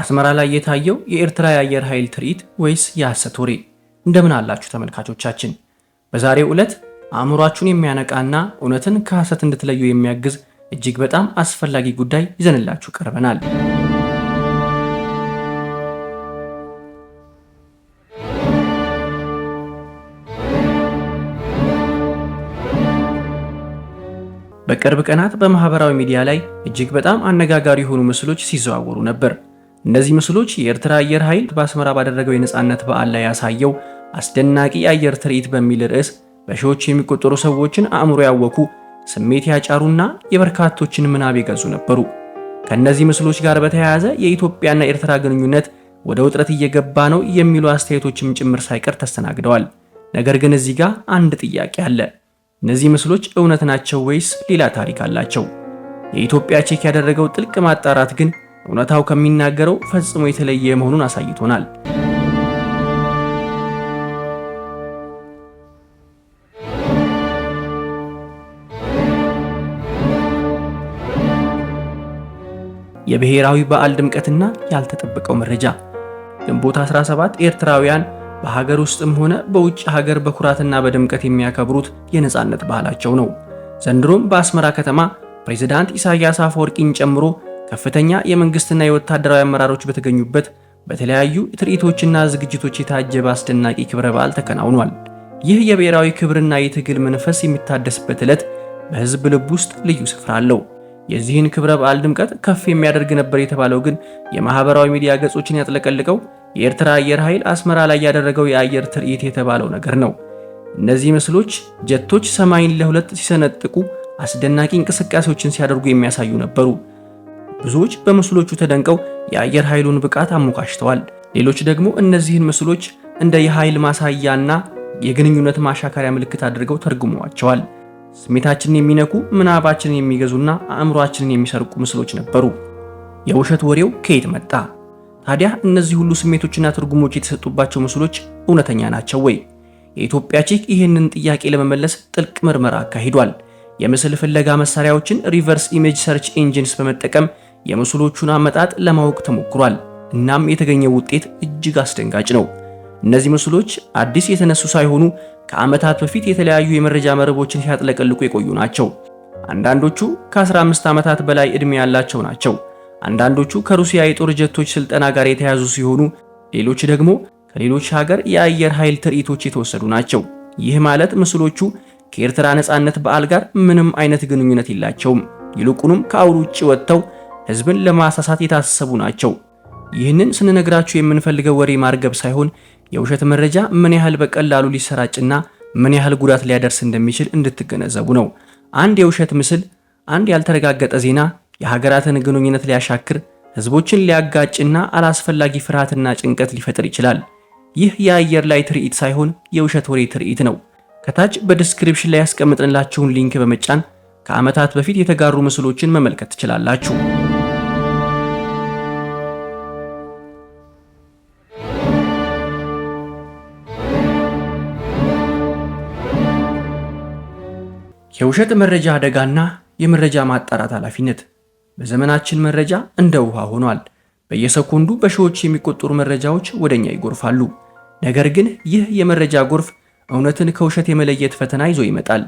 አስመራ ላይ የታየው የኤርትራ የአየር ኃይል ትርኢት ወይስ የሐሰት ወሬ? እንደምን አላችሁ ተመልካቾቻችን። በዛሬው ዕለት አእምሯችሁን የሚያነቃና እውነትን ከሐሰት እንድትለዩ የሚያግዝ እጅግ በጣም አስፈላጊ ጉዳይ ይዘንላችሁ ቀርበናል። በቅርብ ቀናት በማህበራዊ ሚዲያ ላይ እጅግ በጣም አነጋጋሪ የሆኑ ምስሎች ሲዘዋወሩ ነበር። እነዚህ ምስሎች የኤርትራ አየር ኃይል በአስመራ ባደረገው የነፃነት በዓል ላይ ያሳየው አስደናቂ የአየር ትርኢት በሚል ርዕስ በሺዎች የሚቆጠሩ ሰዎችን አእምሮ ያወኩ፣ ስሜት ያጫሩና የበርካቶችን ምናብ የገዙ ነበሩ። ከእነዚህ ምስሎች ጋር በተያያዘ የኢትዮጵያና ኤርትራ ግንኙነት ወደ ውጥረት እየገባ ነው የሚሉ አስተያየቶችም ጭምር ሳይቀር ተስተናግደዋል። ነገር ግን እዚህ ጋር አንድ ጥያቄ አለ። እነዚህ ምስሎች እውነት ናቸው ወይስ ሌላ ታሪክ አላቸው? የኢትዮጵያ ቼክ ያደረገው ጥልቅ ማጣራት ግን እውነታው ከሚናገረው ፈጽሞ የተለየ መሆኑን አሳይቶናል። የብሔራዊ በዓል ድምቀትና ያልተጠበቀው መረጃ ግንቦት 17 ኤርትራውያን በሀገር ውስጥም ሆነ በውጭ ሀገር በኩራትና በድምቀት የሚያከብሩት የነፃነት ባህላቸው ነው። ዘንድሮም በአስመራ ከተማ ፕሬዝዳንት ኢሳያስ አፈወርቂን ጨምሮ ከፍተኛ የመንግስትና የወታደራዊ አመራሮች በተገኙበት በተለያዩ ትርኢቶችና ዝግጅቶች የታጀበ አስደናቂ ክብረ በዓል ተከናውኗል። ይህ የብሔራዊ ክብርና የትግል መንፈስ የሚታደስበት ዕለት በህዝብ ልብ ውስጥ ልዩ ስፍራ አለው። የዚህን ክብረ በዓል ድምቀት ከፍ የሚያደርግ ነበር የተባለው ግን የማህበራዊ ሚዲያ ገጾችን ያጥለቀልቀው የኤርትራ አየር ኃይል አስመራ ላይ ያደረገው የአየር ትርኢት የተባለው ነገር ነው። እነዚህ ምስሎች ጀቶች ሰማይን ለሁለት ሲሰነጥቁ አስደናቂ እንቅስቃሴዎችን ሲያደርጉ የሚያሳዩ ነበሩ። ብዙዎች በምስሎቹ ተደንቀው የአየር ኃይሉን ብቃት አሞካሽተዋል። ሌሎች ደግሞ እነዚህን ምስሎች እንደ የኃይል ማሳያና የግንኙነት ማሻከሪያ ምልክት አድርገው ተርጉመዋቸዋል። ስሜታችንን የሚነኩ ምናባችንን የሚገዙና አእምሯችንን የሚሰርቁ ምስሎች ነበሩ። የውሸት ወሬው ከየት መጣ? ታዲያ እነዚህ ሁሉ ስሜቶችና ትርጉሞች የተሰጡባቸው ምስሎች እውነተኛ ናቸው ወይ? የኢትዮጵያ ቼክ ይህንን ጥያቄ ለመመለስ ጥልቅ ምርመራ አካሂዷል። የምስል ፍለጋ መሳሪያዎችን ሪቨርስ ኢሜጅ ሰርች ኢንጂንስ በመጠቀም የምስሎቹን አመጣጥ ለማወቅ ተሞክሯል። እናም የተገኘው ውጤት እጅግ አስደንጋጭ ነው። እነዚህ ምስሎች አዲስ የተነሱ ሳይሆኑ ከዓመታት በፊት የተለያዩ የመረጃ መረቦችን ሲያጥለቀልቁ የቆዩ ናቸው። አንዳንዶቹ ከ15 ዓመታት በላይ ዕድሜ ያላቸው ናቸው። አንዳንዶቹ ከሩሲያ የጦር ጀቶች ስልጠና ጋር የተያዙ ሲሆኑ፣ ሌሎች ደግሞ ከሌሎች ሀገር የአየር ኃይል ትርኢቶች የተወሰዱ ናቸው። ይህ ማለት ምስሎቹ ከኤርትራ ነፃነት በዓል ጋር ምንም አይነት ግንኙነት የላቸውም። ይልቁንም ከአውድ ውጭ ወጥተው ህዝብን ለማሳሳት የታሰቡ ናቸው። ይህንን ስንነግራችሁ የምንፈልገው ወሬ ማርገብ ሳይሆን የውሸት መረጃ ምን ያህል በቀላሉ ሊሰራጭና ምን ያህል ጉዳት ሊያደርስ እንደሚችል እንድትገነዘቡ ነው። አንድ የውሸት ምስል፣ አንድ ያልተረጋገጠ ዜና የሀገራትን ግንኙነት ሊያሻክር፣ ህዝቦችን ሊያጋጭና አላስፈላጊ ፍርሃትና ጭንቀት ሊፈጥር ይችላል። ይህ የአየር ላይ ትርኢት ሳይሆን የውሸት ወሬ ትርኢት ነው። ከታች በዲስክሪፕሽን ላይ ያስቀምጥንላችሁን ሊንክ በመጫን ከዓመታት በፊት የተጋሩ ምስሎችን መመልከት ትችላላችሁ። የውሸት መረጃ አደጋና የመረጃ ማጣራት ኃላፊነት። በዘመናችን መረጃ እንደ ውሃ ሆኗል። በየሰኮንዱ በሺዎች የሚቆጠሩ መረጃዎች ወደኛ ይጎርፋሉ። ነገር ግን ይህ የመረጃ ጎርፍ እውነትን ከውሸት የመለየት ፈተና ይዞ ይመጣል።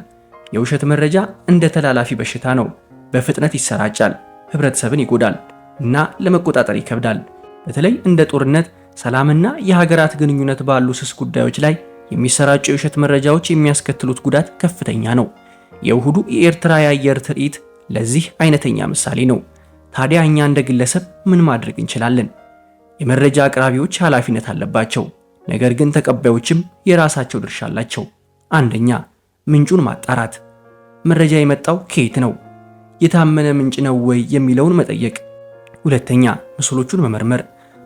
የውሸት መረጃ እንደ ተላላፊ በሽታ ነው። በፍጥነት ይሰራጫል፣ ህብረተሰብን ይጎዳል እና ለመቆጣጠር ይከብዳል። በተለይ እንደ ጦርነት፣ ሰላምና የሀገራት ግንኙነት ባሉ ስስ ጉዳዮች ላይ የሚሰራጩ የውሸት መረጃዎች የሚያስከትሉት ጉዳት ከፍተኛ ነው። የውሁዱ የኤርትራ የአየር ትርኢት ለዚህ አይነተኛ ምሳሌ ነው። ታዲያ እኛ እንደ ግለሰብ ምን ማድረግ እንችላለን? የመረጃ አቅራቢዎች ኃላፊነት አለባቸው። ነገር ግን ተቀባዮችም የራሳቸው ድርሻ አላቸው። አንደኛ ምንጩን ማጣራት። መረጃ የመጣው ከየት ነው? የታመነ ምንጭ ነው ወይ የሚለውን መጠየቅ። ሁለተኛ ምስሎቹን መመርመር።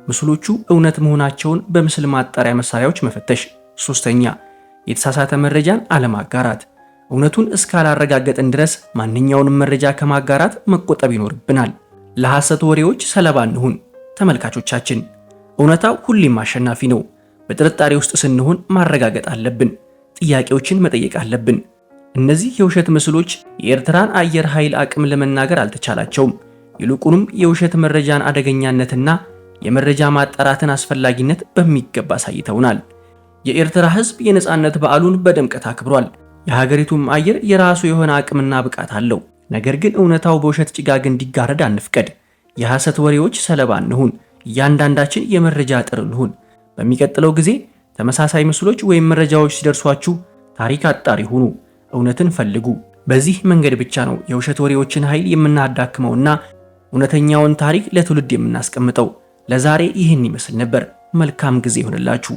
ምስሎቹ እውነት መሆናቸውን በምስል ማጣሪያ መሳሪያዎች መፈተሽ። ሶስተኛ የተሳሳተ መረጃን አለማጋራት። እውነቱን እስካላረጋገጥን ድረስ ማንኛውንም መረጃ ከማጋራት መቆጠብ ይኖርብናል። ለሐሰት ወሬዎች ሰለባ እንሁን። ተመልካቾቻችን፣ እውነታው ሁሌም አሸናፊ ነው። በጥርጣሬ ውስጥ ስንሆን ማረጋገጥ አለብን። ጥያቄዎችን መጠየቅ አለብን። እነዚህ የውሸት ምስሎች የኤርትራን አየር ኃይል አቅም ለመናገር አልተቻላቸውም። ይልቁንም የውሸት መረጃን አደገኛነትና የመረጃ ማጣራትን አስፈላጊነት በሚገባ አሳይተውናል። የኤርትራ ሕዝብ የነጻነት በዓሉን በድምቀት አክብሯል። የሀገሪቱም አየር የራሱ የሆነ አቅምና ብቃት አለው። ነገር ግን እውነታው በውሸት ጭጋግ እንዲጋረድ አንፍቀድ። የሐሰት ወሬዎች ሰለባ እንሁን። እያንዳንዳችን የመረጃ አጥር እንሁን። በሚቀጥለው ጊዜ ተመሳሳይ ምስሎች ወይም መረጃዎች ሲደርሷችሁ ታሪክ አጣሪ ሁኑ። እውነትን ፈልጉ። በዚህ መንገድ ብቻ ነው የውሸት ወሬዎችን ኃይል የምናዳክመውና እውነተኛውን ታሪክ ለትውልድ የምናስቀምጠው። ለዛሬ ይህን ይመስል ነበር። መልካም ጊዜ ይሆንላችሁ።